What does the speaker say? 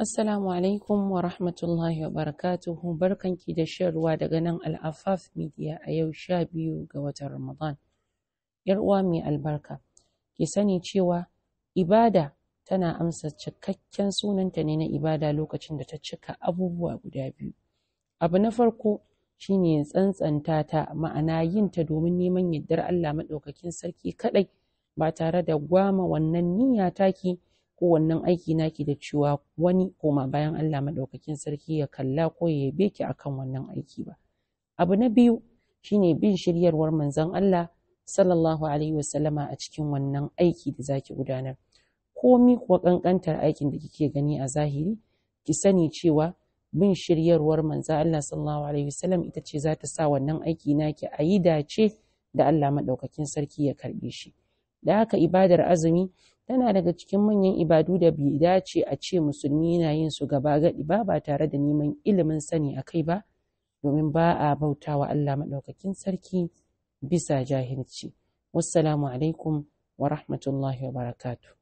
Assalamu alaikum wa rahmatullahi wa barakatuhu barkanki da shan ruwa daga nan al'afaf media a yau sha biyu ga watan Ramadan. ‘Yar uwa mai albarka, ki sani cewa ibada tana amsa cikakken sunanta ne na ibada lokacin da ta cika abubuwa guda biyu. Abu na farko shine tsantsanta ta ma'ana yin ta domin neman yardar Allah maɗaukakin sarki kaɗai ba tare da gwama wannan niyya taki kowannen aiki naki da cewa wani koma bayan Allah maɗaukakin sarki ya kalla ko ya yabe ki akan wannan aiki ba abu na biyu shine bin shiryarwar manzon Allah sallallahu alaihi wasallama a cikin wannan aiki da zaki gudanar komi kuwa ƙanƙantar aikin da kike gani a zahiri ki sani cewa bin shiryarwar manzon Allah sallallahu alaihi wasallam ita ce za ta sa wannan aiki naki a yi dace da Allah maɗaukakin sarki ya karɓe shi da haka ibadar azumi yana daga cikin manyan ibadu da bai dace a ce musulmi yana yin su gaba gadi ba ba tare da neman ilimin sani a kai ba domin ba a bauta wa Allah maɗaukakin sarki bisa jahilci wassalamu alaikum wa rahmatullahi wa barakatu.